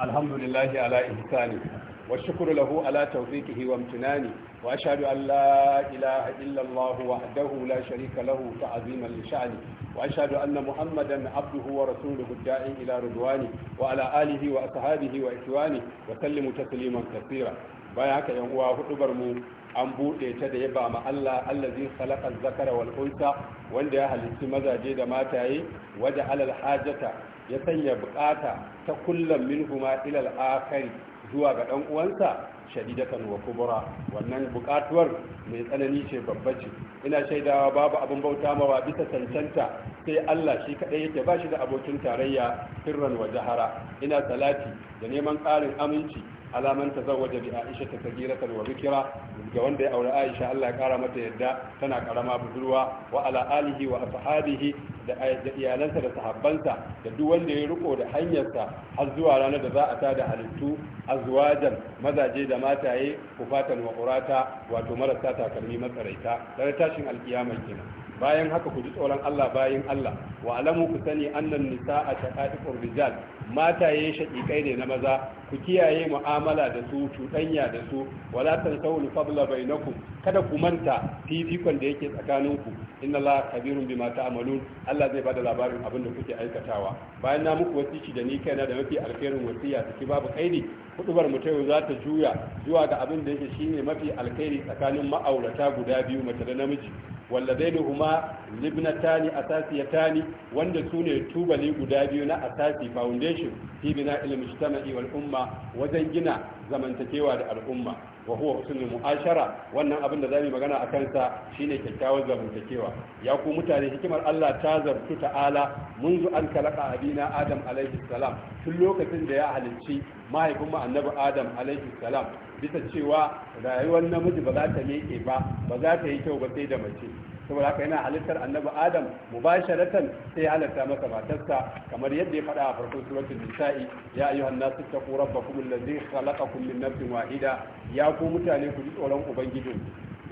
alhamdulillahi ala ihsani والشكر له على توفيقه وامتناني وأشهد أن لا إله إلا الله وحده لا شريك له تعظيما لشأنه وأشهد أن محمدا عبده ورسوله الداعي إلى رضوانه وعلى آله وأصحابه وإخوانه وسلم تسليما كثيرا بايعك يا هو an buɗe ta da yaba ma Allah allazi khalaqa zakara wal unsa wanda ya halitti mazaje da mataye waja alal hajata ya sanya bukata ta kullum minhuma ila al akhari zuwa ga dan uwansa shadidatan wa kubura wannan bukatuwar mai tsanani ce babba ce ina shaidawa babu abin bauta mawa bisa cancanta sai Allah shi kadai yake ba shi da abokin tarayya sirran wa jahara ina salati da neman ƙarin aminci alaman ta zawaje bi Aisha ta sagiratan wa bikira ga wanda ya aure Aisha Allah ya kara mata yadda tana karama budurwa wa ala alihi wa ashabihi da iyalansa da sahabbansa da duk wanda ya riko da hanyarsa har zuwa ranar da za a tada halittu azwajan mazaje da da mataye ku wa qurata wato marasa takalmi matsaraita dan tashin alkiyama kenan bayan haka ku ji tsoron Allah bayan Allah wa alamu ku sani annan nisa'a shaqa'iqur rijal mataye shaqiqai ne na maza ku kiyaye mu'amala da su cuɗanya da su wala bai fadla bainakum kada ku manta fifikon da yake tsakanin ku inna la kabirun mata amalu Allah zai bada labarin abin da kuke aikatawa bayan na muku wasiki da ni kaina da mafi alkhairin wasiya ciki babu kaidi kudubar mu ta yau za ta juya zuwa ga abin da yake shine mafi alkhairi tsakanin ma'aurata guda biyu mace da namiji walladaidahuma libnatani asasiyatani wanda su ne tubali guda biyu na asasi foundation fi bina ilmi wal umma wajen gina zamantakewa da al'umma wa huwa husnul mu'ashara wannan abin da zamu magana akan sa shine kyakkyawar zamantakewa ya ku mutane hikimar Allah ta zartu ta'ala munzu an kalaka abina adam عليه salam tun lokacin da ya الشيء ما يكون annabi adam عليه salam bisa cewa rayuwar namiji ba za ta miƙe ba ba za ta yi kyau ba sai da mace saboda haka yana halittar annabi adam mu mubasharatan sai ya halatta masa matarsa kamar yadda ya faɗa a farkon suratul nisa'i ya ayyuhan nasu taqu rabbakum allazi khalaqakum min nafsin wahida ya ku mutane ku ji tsoron ubangijin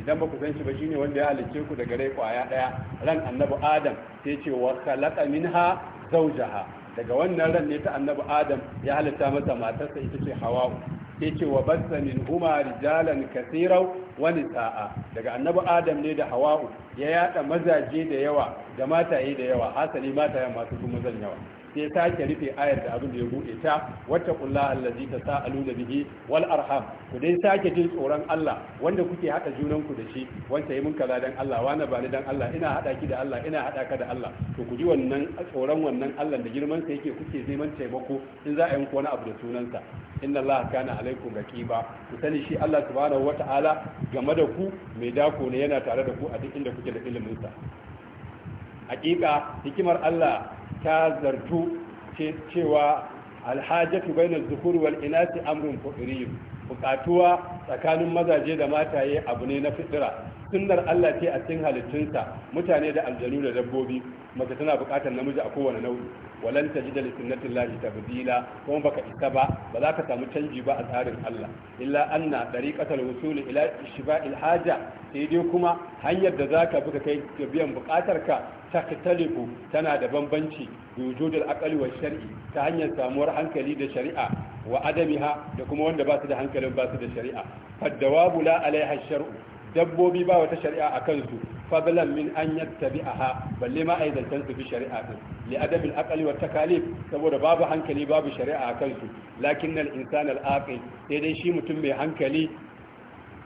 idan ba ku san shi ba shine wanda ya halicce ku daga rai kwaya daya ran annabi adam sai ce wa khalaqa minha zawjaha daga wannan ran ne ta annabi adam ya halitta masa matarsa ita ce hawa'u sai ce wa batsa min huma rijalan kasirau wani sa'a daga annabi adam ne da hawa'u ya yada mazaje da yawa da mataye da yawa hasali matayen masu kuma zan yawa sai sake rufe ayar da abin da ya bude ta wata kulla allazi ta sa'alu da bihi wal arham ku dai sake jin tsoron Allah wanda kuke hada junan ku da shi wanda yayin mun kaza dan Allah wa ba ni dan Allah ina hada ki da Allah ina hada ka da Allah to ku ji wannan tsoron wannan Allah da girman sa yake kuke neman taimako in za a yi muku wani abu da sunansa inna Allah kana alaikum raqiba ku sani shi Allah subhanahu wataala game da ku mai dako ne yana tare da ku a duk inda kuke suke da iliminsa hakika hikimar Allah ta zartu cewa alhajatu bainal zuhuri wal inasi amrun fitriyyun bukatuwa tsakanin mazaje da mataye abu ne na fitira sunnar Allah ce a cikin halittunsa mutane da aljanu da dabbobi mace tana buƙatar namiji a kowane nau'i walan tajida li sunnatin lahi tabdila kuma baka isa ba ba za ka samu canji ba a tsarin Allah illa anna tariqatul wusul ila ishba'il haja sai dai kuma hanyar da zaka buka kai biyan buƙatarka ka taktalifu tana da bambanci wujudul aqli wa shar'i ta hanyar samuwar hankali da shari'a wa adamiha da kuma wanda ba su da hankalin ba su da shari'a faddawabu la alaiha shar'u dabbobi ba wata shari'a a kansu fadlan min an yattabi'aha balle ma ai su bi shari'a din li adabil aqli wa takalif saboda babu hankali babu shari'a a kansu lakin al insana al aqil sai dai shi mutum mai hankali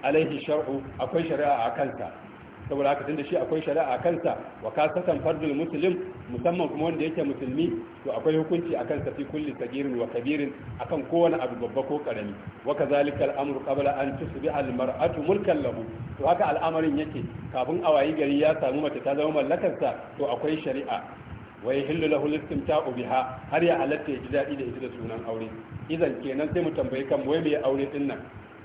alaihi shar'u akwai shari'a a kansa saboda haka tunda shi akwai shari'a a kansa wa kasatan fardul muslim musamman kuma wanda yake musulmi to akwai hukunci a kansa fi kulli sagirin wa kabirin akan kowane abu babba ko karami wa kazalika al-amru qabla an tusbi al-mar'atu mulkan lahu to haka al'amarin yake kafin a wayi gari ya samu mace ta zama mallakarsa to akwai shari'a wa yahillu lahu al-istimta'u har ya halatta ya ji daɗi da ita da sunan aure idan kenan sai mu tambayi kan wai yi aure din nan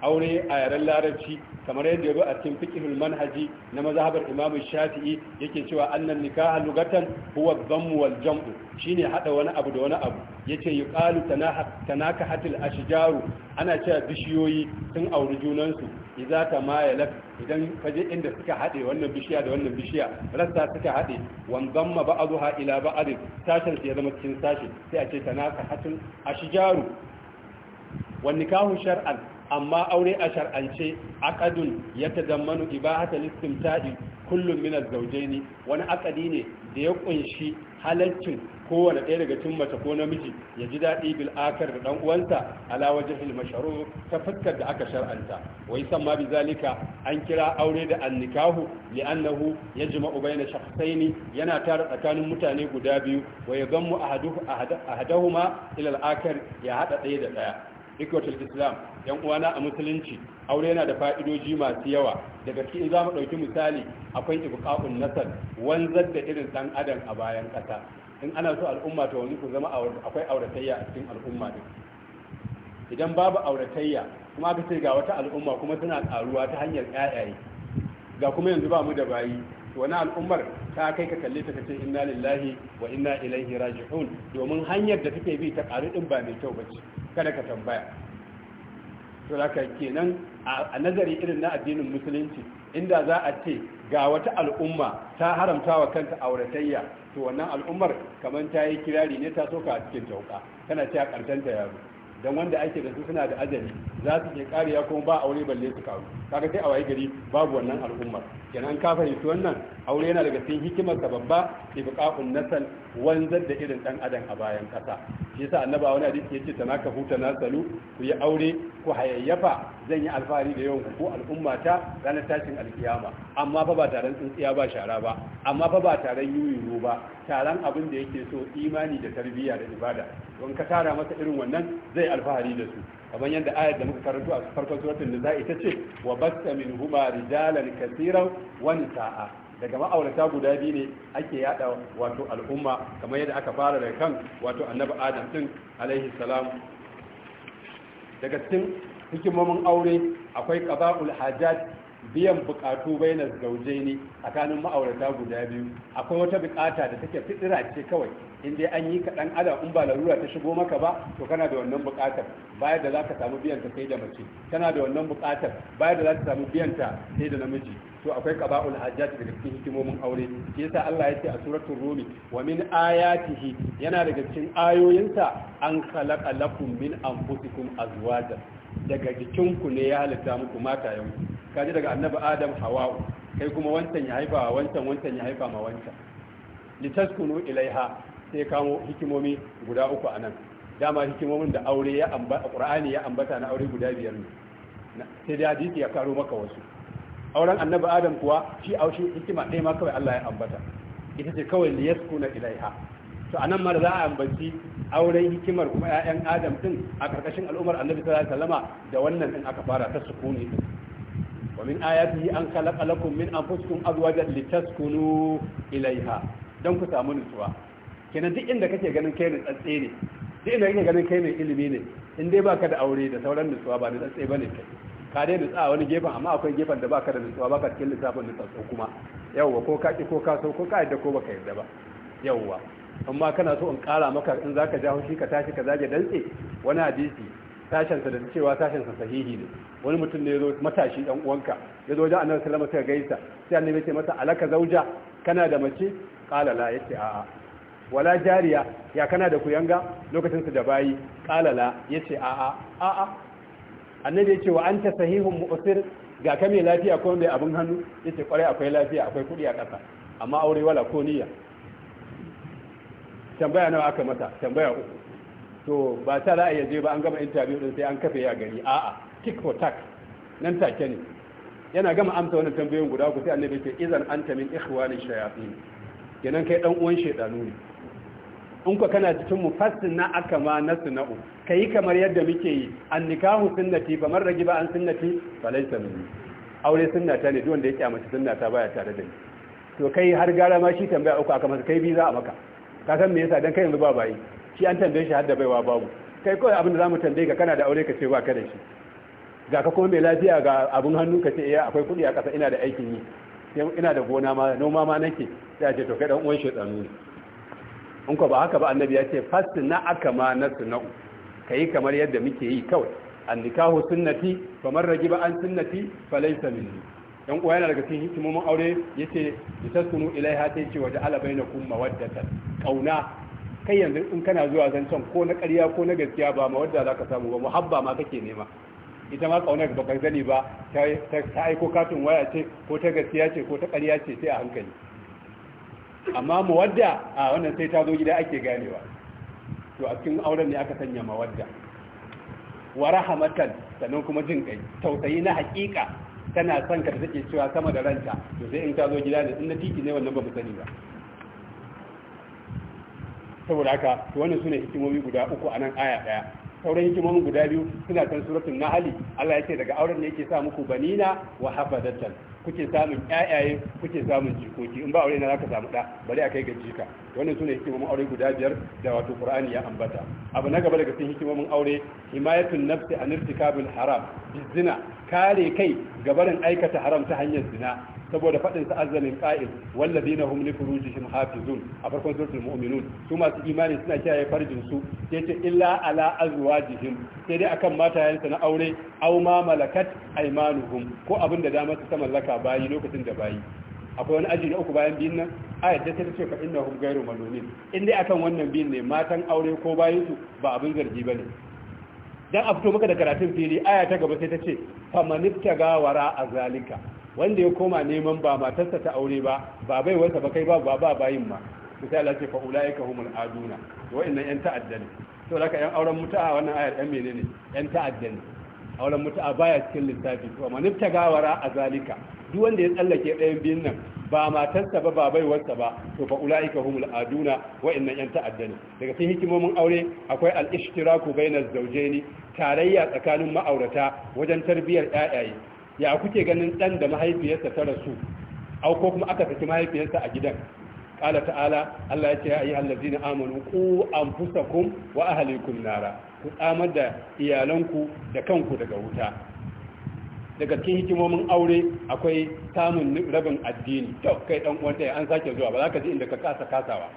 aure a yaren larabci kamar yadda yazo a cikin fiqhul manhaji na mazhabar imam shafi'i yake cewa annan nikaha lugatan huwa dhamm wal jam'u shine hada wani abu da wani abu yace yuqalu tanakahatil ashjaru ana cewa bishiyoyi sun auri junansu idza tamayalat idan kaje inda suka hade wannan bishiya da wannan bishiya rasta suka hade wan dhamma ba'dha ila ba'd sashin ya zama cikin sashi sai a ce tanakahatil ashjaru wan nikahu shar'an amma aure a shar'ance aqadun yatadammanu ibahata listimta'i kullum min az-zawjayn wani aqadi ne da ya kunshi halaccin kowane ɗaya daga cikin mace ko namiji ya ji daɗi bil akar da ɗan uwansa ala wajhil mashru ta fuskar da aka shar'anta wai san ma bi zalika an kira aure da annikahu li'annahu yajma'u bayna shakhsayn yana tara tsakanin mutane guda biyu wa yadhammu ahaduhuma ila al-akar ya hada ɗaya da ɗaya ikwatul islam yan uwana a musulunci aure yana da fa'idoji masu yawa daga cikin za mu ɗauki misali akwai ibqa'un nasar wanzar da irin dan adam a bayan ƙasa in ana so al'umma ta wani ku zama akwai auratayya a cikin al'umma din idan babu auratayya kuma aka ce ga wata al'umma kuma suna karuwa ta hanyar ƴaƴaye ga kuma yanzu ba mu da bayi wani al'ummar ta kai ka kalle ta kace inna lillahi wa inna ilaihi raji'un domin hanyar da take bi ta karu din ba mai kyau ba ce. kada ka tambaya to haka kenan a nazari irin na addinin musulunci inda za a ce ga wata al'umma ta haramta wa kanta auratayya to wannan al'ummar kamar ta yi kirari ne ta soka a cikin tauka tana ce a ƙarshen ta yaro don wanda ake da su suna da ajali za su ke kariya kuma ba aure balle su kawo kaga sai a waye gari babu wannan al'ummar kenan ka fahimci wannan aure yana daga cikin hikimar sababba ibqa'un nasal wanzar da irin dan adam a bayan kasa shi yasa annaba wani hadisi yace tanaka huta nasalu ku yi aure ku hayayyafa zan yi alfahari da yawan ku al'umma ta ranar tashin alkiyama amma fa ba taron tsintsiya ba shara ba amma fa ba taron yuyuru ba taron abin da yake so imani da tarbiyya da ibada don ka tara masa irin wannan zai alfahari da su kamar yadda ayar da muka karanto a farkon suratul nisa ita ce wa basta min huma rijalan katiran wa nisaa daga ma'aurata guda biyu ne ake yada wato al'umma kamar yadda aka fara da kan wato annabi adam din alaihi salam daga cikin hikimomin aure akwai qada'ul hajat biyan bukatu bainar zauje ne tsakanin ma'aurata guda biyu akwai wata bukata da take fitira ce kawai in dai an yi kaɗan ada in ba larura ta shigo maka ba to kana da wannan bukatar bayan da za ka samu biyan sai da mace kana da wannan bukatar bayan da za ka samu biyanta sai da namiji to akwai qaba'ul hajjat daga cikin hikimomin aure shi yasa Allah ya ce a suratul rumi wa min ayatihi yana daga cikin ayoyinsa an khalaqa lakum min anfusikum azwajan daga jikinku ne ya halitta muku mata yau kaji daga annabi adam hawa'u kai kuma wancan ya haifa wancan wancan ya haifa ma wancan litaskunu ilaiha sai kamo hikimomi guda uku anan dama hikimomin da aure ya ambata qur'ani ya ambata na aure guda biyar ne sai da hadisi ya karo maka wasu auren annabi adam kuwa shi a shi hikima ɗaya ma kawai Allah ya ambata ita ce kawai liyaskuna ilaiha to anan ma da za a ambaci auren hikimar kuma ƴaƴan adam din a karkashin al'ummar annabi sallallahu alaihi wasallama da wannan din aka fara ta sukuni din wa min ayatihi an khalaqa lakum min anfusikum azwajan litaskunu ilaiha dan ku samu nutsuwa kenan duk inda kake ganin kai ne tsatse ne duk inda kake ganin kai ne ilimi ne in dai baka da aure da sauran nutsuwa ba da tsatse bane kai ka dai nutsa a wani gefen amma akwai gefen da baka da nutsuwa baka cikin lissafin nutsatsu kuma yawwa ko kaki ko ka ko ka yadda ko baka yadda ba yawwa amma kana so in kara maka in zaka ja haushi ka tashi ka zage dantse wani hadisi sashensa da cewa sa sahihi ne wani mutum ne zo matashi dan uwanka ya zo wajen annabi wasallam sai gaisa sai annabi ce masa alaka zauja kana da mace qala la yace a'a wala jariya ya kana da kuyanga lokacin su da bayi qala la yace a'a a'a annabi ya ce wa anta sahihun mu'sir ga ka mai lafiya ko mai abin hannu yace kwarai akwai lafiya akwai kudi a kasa amma aure wala ko niyya tambaya nawa aka mata tambaya uku to ba ta za a je ba an gama interview din sai an kafe ya gari a'a tick for tack nan take ne yana gama amsa wannan tambayoyin guda ku sai annabi ce idan anta min ikhwani shayatin kenan kai dan uwan shedanu ne in ka kana cikin mufassin na aka ma na suna'u ka yi kamar yadda muke yi an nikahu sunnati ba man ragiba an sunnati ba laisa minni aure sunnata ne duk wanda ya kyamaci sunnata baya tare da ni to kai har gara ma shi tambaya uku aka masa kai biza a maka ka san me yasa dan kai yanzu ba bayi shi an tambaye shi har da baiwa babu kai kawai abin da zamu tambaye ka kana da aure ka ce ba ka da shi ga ka kuma mai lafiya ga abun hannu ka ce eh akwai kuɗi a ƙasa ina da aikin yi ina da gona ma noma ma nake sai a ce to kai dan uwan shedanu ne in ba haka ba annabi ya ce na aka ma na ka yi kamar yadda muke yi kawai nikahu sunnati ragi ragiba an sunnati falai minni yan uwa yana daga cikin hikimomin aure yace litaskunu ilaiha ta yace waje ala bainakum ta kauna kai yanzu in kana zuwa zancen ko na ƙarya ko na gaskiya ba mawadda zaka samu ba muhabba ma kake nema ita ma kaunar ba ka ba ta aiko katin waya ce ko ta gaskiya ce ko ta ƙarya ce sai a hankali amma mawadda a wannan sai ta zo gida ake ganewa to a cikin auren ne aka sanya mawadda wa rahamatan sannan kuma jin kai tausayi na hakika tana son ka take cewa sama da ranta to sai in ta zo gida ne in na titi ne wannan ba mu sani ba saboda haka to wannan sune hikimomi guda uku a nan aya daya sauran hikimomin guda biyu suna kan suratul nahl Allah yake daga auren ne yake sa muku banina wa hafadatan kuke samun ƴaƴaye kuke samun jikoki in ba aure na zaka samu ɗa bari a kai ga jika wannan sune hikimomin aure guda biyar da wato qur'ani ya ambata abu na gaba daga cikin hikimomin aure himayatun nafsi an irtikabil haram bizina kare kai ga barin aikata haram ta hanyar zina saboda faɗin sa azalin qa'il walladina hum lifurujihim hafizun a farkon suratul mu'minun su masu imani suna kiyaye farjin su ce illa ala azwajihim sai dai akan matayen na aure aw ma malakat aymanuhum ko abin da dama su ta mallaka bayi lokacin da bayi akwai wani aji na uku bayan biyun nan ayat da ta ce innahum ghayru malumin in dai akan wannan biyun ne matan aure ko bayin su ba abin zargi bane dan a fito maka da karatun fili aya ta gaba sai ta ce famanitta gawara a zalika wanda ya koma neman ba matarsa ta aure ba ba bai wata ba kai ba ba ba bayin ma sai Allah ce fa ulaika humul aduna wa'annan yan ta'adda ne to laka yan auren mutu'a wannan ayar yan menene yan ta'adda ne auren mutu'a baya cikin lissafi to amma nifta gawara a zalika duk wanda ya tsallake ɗayan biyun nan ba matarsa ba ba baiwarsa ba to fa ulaika humul aduna wa innan yan ta'adda daga cikin hikimomin aure akwai al-ishtiraku bainaz zawjaini tarayya tsakanin ma'aurata wajen tarbiyyar ƴaƴaye ya kuke ganin dan da mahaifiyarsa ta rasu au ko kuma aka saki mahaifiyarsa a gidan qala ta'ala Allah ya ce ya ayyuhallazina amanu qu anfusakum wa ahlikum nara ku tsamar da iyalanku da kanku daga wuta daga cikin hikimomin aure akwai samun rabin addini to kai dan uwan an sake zuwa ba za ka ji inda ka kasa kasawa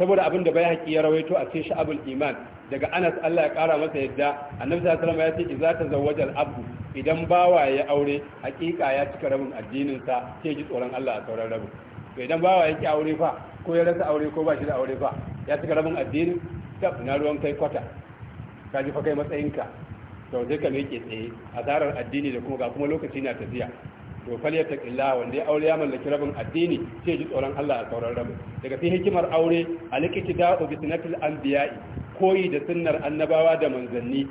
saboda abin da bai haƙi ya rawaito a cikin sha'abul iman daga Anas Allah ya kara masa yadda Annabi sallallahu alaihi wasallam ya ce idza tazawwaja al-abdu idan bawa ya aure haƙiƙa ya cika rabin addinin sa sai ji tsoron Allah a sauran rabin to idan bawa ya ki aure fa ko ya rasa aure ko ba shi da aure fa ya cika rabin addinin tab na ruwan kai kwata ka ji fakai kai matsayinka to dai ka yake tsaye a zarar addini da kuma ga kuma lokaci na tafiya to ta yattaqillah wanda ya aure ya mallaki rabin addini sai ji tsoron Allah a sauran rabin daga fi hikimar aure a alikitida bi an biya'i koyi da sunnar annabawa da manzanni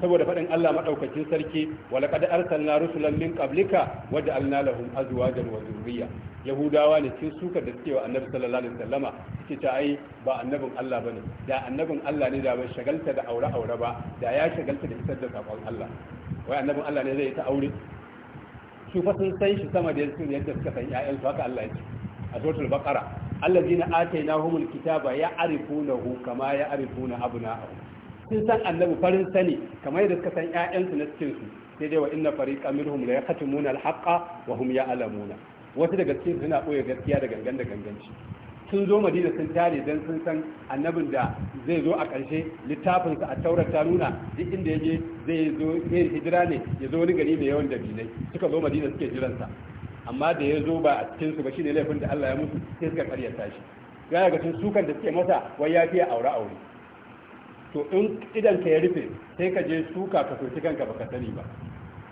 saboda faɗin Allah maɗaukacin sarki wa laqad arsalna rusulan min qablika wa ja'alna lahum azwajan wa dhurriyya yahudawa ne cikin suka da cewa annabi sallallahu alaihi wasallama suke ta ai ba annabin Allah bane da annabin Allah ne da bai shagalta da aure aure ba da ya shagalta da isar da sakon Allah wai annabin Allah ne zai ta aure su fa sun san shi sama da yadda suka san ƴaƴansu haka Allah ya ce a suratul baqara allazina atainahumul kitaba ya'rifunahu kama ya'rifuna abna'ahum sun san annabi farin sani kamar yadda suka san ƴaƴansu na cikin su sai dai wa inna fariqan minhum la yaqtumuna al-haqqa wa hum ya'lamuna wasu daga cikin suna boye gaskiya da gangan da ganganci sun zo madina sun tare dan sun san annabin da zai zo a ƙarshe littafinsa a taurar ta nuna duk inda ya zai zo zai hijira ne ya zo wani gari da yawan dabilai suka zo madina suke jiransa amma da ya zo ba a cikin su ba shine laifin da Allah ya musu sai suka karyata shi ga ga sun sukan da suke masa wai ya fiye aure aure to in idan ka ya rufe sai ka je suka ka soki kanka baka sani ba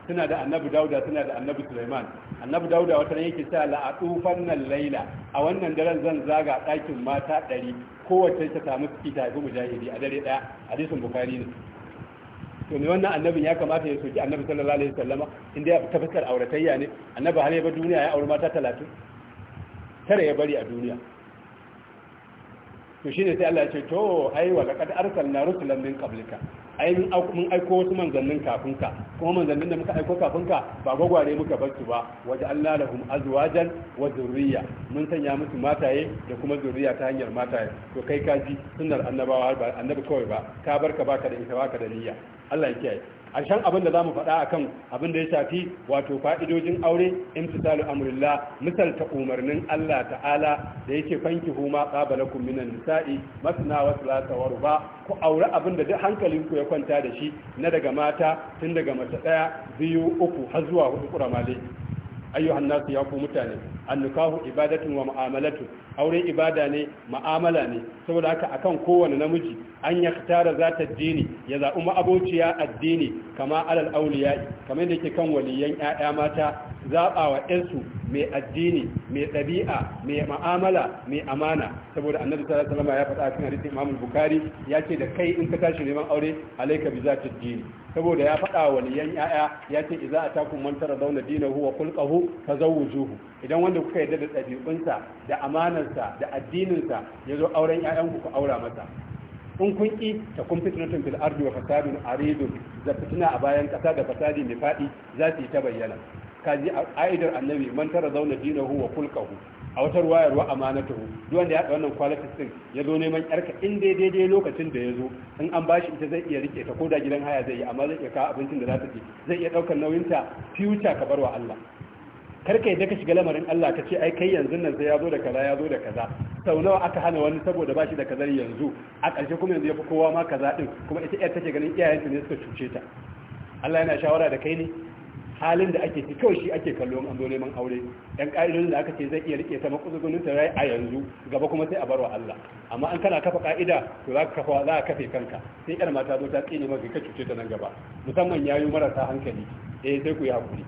suna da annabi dauda suna da annabi suleiman annabi dauda wata ne yake sa la atufan nan laila a wannan daren zan zaga ɗakin mata ɗari kowace ta samu ciki ta haifi mujahidi a dare ɗaya hadisin bukari ne to ne wannan annabin ya kamata ya soki annabi sallallahu alaihi wasallama inda ya tabbatar auratayya ne annabi har ya bar duniya ya auri mata talatin tara ya bari a duniya to shine sai Allah ya ce to ai wa laqad arsalna rusulan min qablika ai mun aiko wasu manzannin kafin ka kuma manzannin da muka aiko kafin ka ba gwagware muka bar su ba waje Allah lahum azwajan wa dhurriyya mun sanya musu mataye da kuma zuriya ta hanyar mataye to kai ka ji sunnar annabawa ba annabi kawai ba ka barka baka da ita baka da niyya Allah ya kiyaye ƙarshen abin da za mu faɗa akan abin da ya shafi wato fa'idojin aure in imtisalu amurilla misalta umarnin Allah ta'ala da yake fanki huma ƙabala minan nisa'i masu wa thalatha wa ruba ku aure abin da duk hankalinku ya kwanta da shi na daga mata tun daga mace ɗaya biyu uku har zuwa hudu kuramale ayyuhan nasu ya ku mutane annukahu ibadatun wa mu'amalatu aure ibada ne mu'amala ne saboda haka akan kowane namiji an ya tara zata dini ya zaɓi ma'abociya addini kama alal auliya kama yadda yake kan waliyan ƴaƴa mata zabawa 'yansu ƴansu mai addini mai ɗabi'a mai mu'amala mai amana saboda annabi sallallahu alaihi wasallam ya faɗa cikin hadisin Imam Bukhari ya ce da kai in ka tashi neman aure alayka bi zati dini saboda ya faɗa waliyan ƴaƴa ya ce idza atakum man taradawna dinahu wa khulquhu fazawwijuhu idan wanda kuka yarda da ɗabi'unsa da amanarsa da addininsa ya zo auren 'ya'yanku ku aura masa in kun ki ta kun fitnatun bil ardi wa fasadun aridun da fitina a bayan kasa da fasadi mai faɗi za su yi ta bayyana ka ji aidar annabi man tara zauna dinahu wa kulkahu a wata wayar wa amanatuhu duk wanda ya haɗa wannan qualities ɗin ya zo neman yarka in dai daidai lokacin da ya zo in an bashi ita zai iya riƙe ta ko da gidan haya zai yi amma zai iya kawo abincin da za ta ci zai iya ɗaukar nauyinta future ka bar wa Allah karka yadda ka shiga lamarin Allah ka ce ai kai yanzu nan sai ya zo da kaza ya zo da kaza sau nawa aka hana wani saboda ba shi da kazar yanzu a ƙarshe kuma yanzu ya fi kowa ma kaza din kuma ita yar take ganin iyayenta ne suka cuce ta Allah yana shawara da kai ne halin da ake ci kawai shi ake kallon an zo neman aure yan ka'idodin da aka ce zai iya rike ta makuzugunin ta rai a yanzu gaba kuma sai a barwa Allah amma an kana kafa ka'ida to za ka kafa za ka kafe kanka sai ƴar mata zo ta tsine maka ka cuce ta nan gaba musamman yayu marasa hankali eh sai ku yi hakuri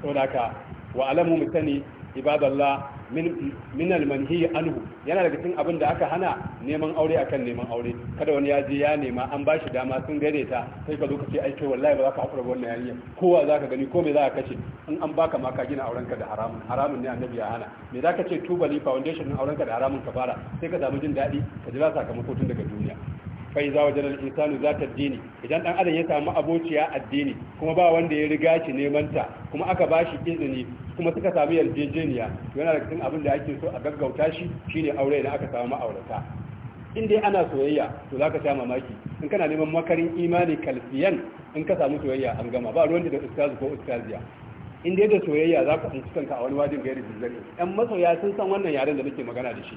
saboda haka wa alamu mu sani ibadallah min min almanhi anhu yana da cikin abin da aka hana neman aure akan neman aure kada wani ya je ya nema an bashi dama sun gare ta sai ka zo ka ce ai kai wallahi ba za ka hakura wannan yarinya kowa za ka gani ko me za ka kace in an baka ma ka gina aurenka da haramun haramun ne annabi ya hana me za ka ce tubali foundation din aurenka da haramun ka fara sai ka samu jin daɗi ka jira sakamako tun daga duniya fa iza wajada al-insanu zata dini idan dan adam ya samu abociya addini kuma ba wanda ya riga shi neman ta kuma aka bashi izini kuma suka samu yarjejeniya yana da cikin abin da ake so a gaggauta shi shine aure da aka samu ma'aurata in dai ana soyayya to zaka sha mamaki in kana neman makarin imani kalfiyan in ka samu soyayya an gama ba ruwan da ustaz ko ustaziya in dai da soyayya za ka tsinci kanka a wani wajin gairi bizzari yan masoya sun san wannan yaren da nake magana da shi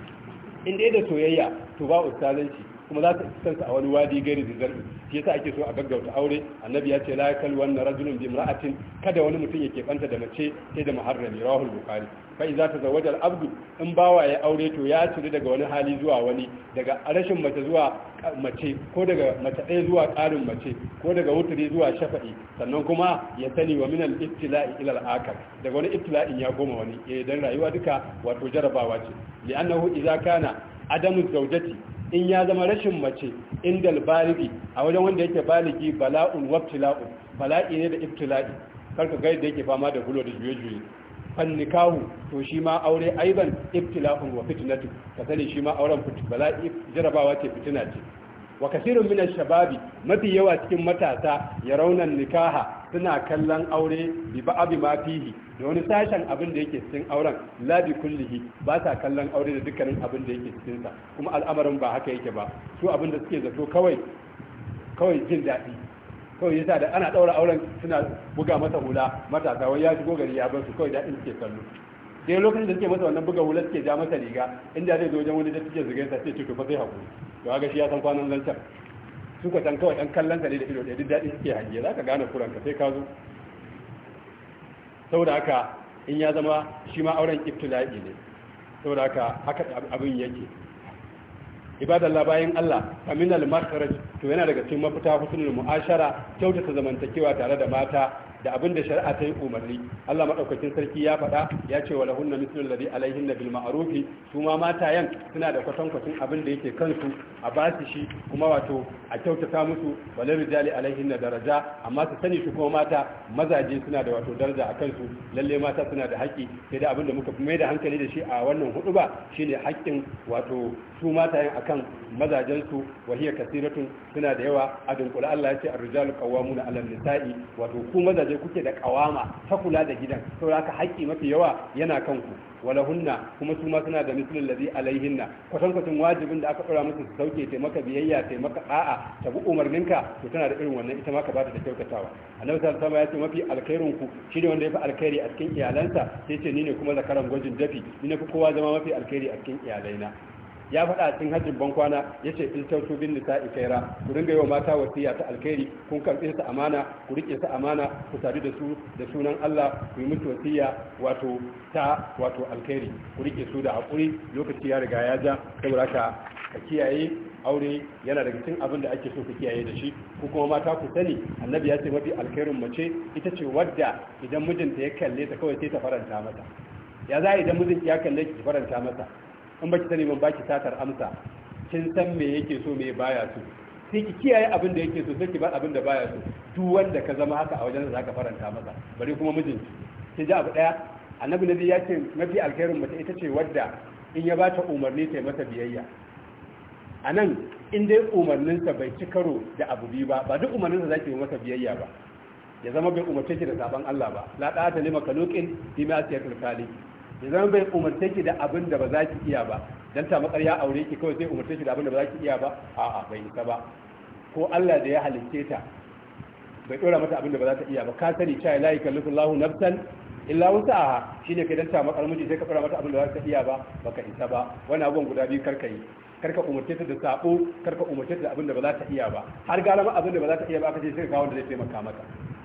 in dai da soyayya to ba ustazanci kuma za ta kansa a wani wadi gari da zarbi shi yasa ake so a gaggauta aure annabi ya ce la yakal wanna rajulun bi imra'atin kada wani mutum ya banta da mace sai da muharrami rahul bukhari fa idza tazawwaja al abdu in bawa ya aure to ya ciri daga wani hali zuwa wani daga rashin mace zuwa mace ko daga mace ɗaya zuwa ƙarin mace ko daga wuturi zuwa shafa'i sannan kuma ya sani wa minal ibtila'i ila al akal daga wani ibtila'in ya goma wani eh dan rayuwa duka wato jarabawa ce li'annahu idza kana adamu zawjati in ya zama rashin mace indal baligi a wajen wanda yake baligi bala'un wabtila'un bala'i ne da ibtila'i karka gai da yake fama da gulo da juye-juye fannikahu to shi ma aure aiban ibtila'un wa fitnatu ka sani shi ma auren bala'i jarabawa ce fitina ce wa kasirun minan shababi mafi yawa cikin matasa ya raunan nikaha suna kallon aure bi abi ma fihi da wani sashen abin da yake cikin auren la bi kullihi ba sa kallon aure da dukkanin abin da yake cikin sa kuma al'amarin ba haka yake ba su abin da suke zato kawai kawai jin daɗi kawai yasa da ana ɗaura auren suna buga masa hula matasa wai ya shigo gari ya bar su kawai daɗin suke kallo dai lokacin da suke masa wannan buga hula suke ja masa riga inda zai zo wajen wani da suke zugaisa sai to fa sai hakuri to ga shi ya san kwanan zancan su ka can kawai ɗan kallon ka da ido da duk daɗi suke hange za ka gane ka sai ka zo Sau da haka in ya zama shi ma auren iftila'i ne Sau da haka haka abin yake Ibadar bayan Allah kamilal makharaj to yana daga cikin mafita husnul mu'ashara kyautata zamantakewa tare da mata da abin da shari'a ta yi umarni Allah maɗaukakin sarki ya faɗa ya ce wa lahunna mislul ladhi alaihinna bil ma'rufi su ma matayen suna da kwatankwacin abin da yake kansu a basu shi kuma wato a kyautata musu walil rijali alaihinna daraja amma su sani su kuma mata mazaje suna da wato daraja a kansu lalle mata suna da haƙƙi sai da abin da muka mai da hankali da shi a wannan hudu ba shine haƙƙin wato su matayen akan mazajen su wahiya kasiratun suna da yawa a dunkula Allah ya ce ar-rijalu qawwamuna 'ala an-nisa'i wato ku mazaje ne kuke da kawama ta kula da gidan da haka haƙƙi mafi yawa yana kanku walahunna kuma su ma suna da mislin ladhi alaihinna kwatankwacin wajibin da aka dora musu su sauke taimaka biyayya taimaka a'a ta bi umarninka to tana da irin wannan ita ma ka bata da kyautatawa annabi sallallahu alaihi ya ce mafi alkhairun ku shine wanda fi alkhairi a cikin iyalansa sai ce ni ne kuma zakaran gwajin dafi ni ne fi kowa zama mafi alkhairi a cikin iyalaina ya faɗa a cikin hajjin bankwana ya ce iltautu bin nisa'i kaira ku dinga yiwa mata wasiya ta alkhairi kun karɓe su amana ku riƙe su amana ku sadu da su da sunan Allah ku yi musu wasiya wato ta wato alkhairi ku riƙe su da haƙuri lokaci ya riga ya ja saboda ka ka kiyaye aure yana daga cikin abin da ake so ka kiyaye da shi ku kuma mata ku sani annabi ya ce mafi alkhairin mace ita ce wadda idan mijinta ya kalle ta kawai sai ta faranta mata ya za idan mijinki ya kalle ki faranta masa in ta sani ban baki satar amsa kin san me yake so me baya so sai ki kiyaye abin da yake so sai ki bar abin da baya so duk wanda ka zama haka a wajen zaka faranta masa bari kuma mijin ki ji abu daya annabi nabi ya ce mafi alkhairin mace ita ce wadda in ya bata umarni ta masa biyayya a in dai umarninsa bai ci karo da abu biyu ba ba duk umarnin sa zaki yi masa biyayya ba ya zama bai umarce ki da saban Allah ba la da ta lima kaluqin bi ma asiyatul khaliq ya zama bai umarce ki da abin da ba za ki iya ba dan ta makar ya aure ki kawai sai umarce ki da abin da ba za ki iya ba a'a bai isa ba ko Allah da ya halicce ta bai dora mata abin da ba za ta iya ba ka sani cha la yukallifu Allahu nafsan illa wusaha shine kai dan ta makar miji sai ka fara mata abin da za ta iya ba baka isa ba wani abun guda biyu karka yi karka umarce ta da sabo karka umarce ta da abin da ba za ta iya ba har galama abin da ba za ta iya ba aka ce sai ka kawo da zai taimaka maka.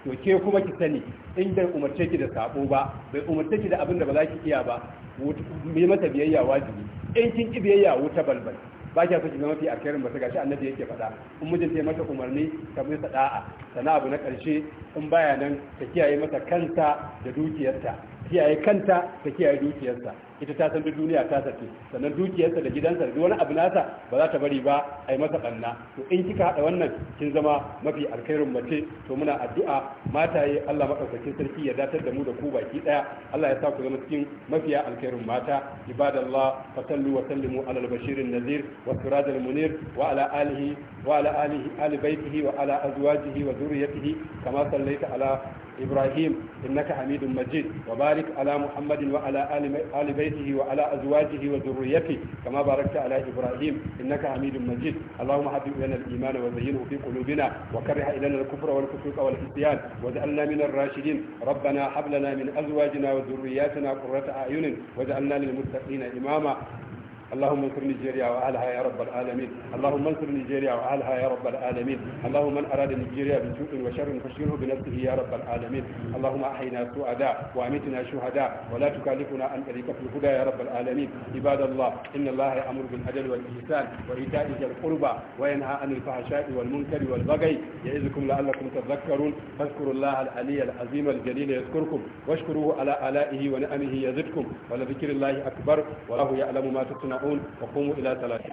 to ke kuma ki sani in bai umarce ki da sabo ba bai umarce ki da abin da ba za ki iya ba mai mata biyayya wajibi in kin ki biyayya wuta balbal ba kya so ki zama fi alkhairin ba gashi annabi yake faɗa in mijin ya mata umarni ka bi sada'a sana abu na karshe in baya nan ta kiyaye mata kanta da dukiyarta kiyaye kanta ka kiyaye dukiyarta. ita ta san duniya ta sace sannan dukiyarsa da gidansa da wani abu nasa ba za ta bari ba a yi masa banna to in kika hada wannan kin zama mafi alkhairin mace to muna addu'a mataye Allah madaukakin sarki ya datar da mu da ku baki daya Allah ya sa ku zama cikin mafiya alkhairin mata ibadallah fa sallu wa sallimu ala al-bashir an wa siraj al-munir wa ala alihi wa ala alihi ali baitihi wa ala azwajihi wa dhurriyyatihi kama sallaita ala إبراهيم إنك حميد مجيد وبارك على محمد وعلى آل بيت بيته وعلى أزواجه وذريته كما باركت على إبراهيم إنك حميد مجيد اللهم حبب إلينا الإيمان وزينه في قلوبنا وكره إلينا الكفر والفسوق والعصيان واجعلنا من الراشدين ربنا هب لنا من أزواجنا وذرياتنا قرة أعين واجعلنا للمتقين إماما اللهم انصر نيجيريا واهلها يا رب العالمين اللهم انصر نيجيريا واهلها يا رب العالمين اللهم من اراد نيجيريا بسوء وشر فاشغله بنفسه يا رب العالمين اللهم احينا سعداء وامتنا شهداء ولا تكلفنا عن طريقه الهدى يا رب العالمين عباد الله ان الله يامر بالعدل والاحسان وايتاء ذي القربى وينهى عن الفحشاء والمنكر والبغي يعظكم لعلكم تذكرون فاذكروا الله العلي العظيم الجليل يذكركم واشكروه على آلائه ونعمه يزدكم ولذكر الله اكبر والله يعلم ما تصنعون tasna'un wa qumu ila salati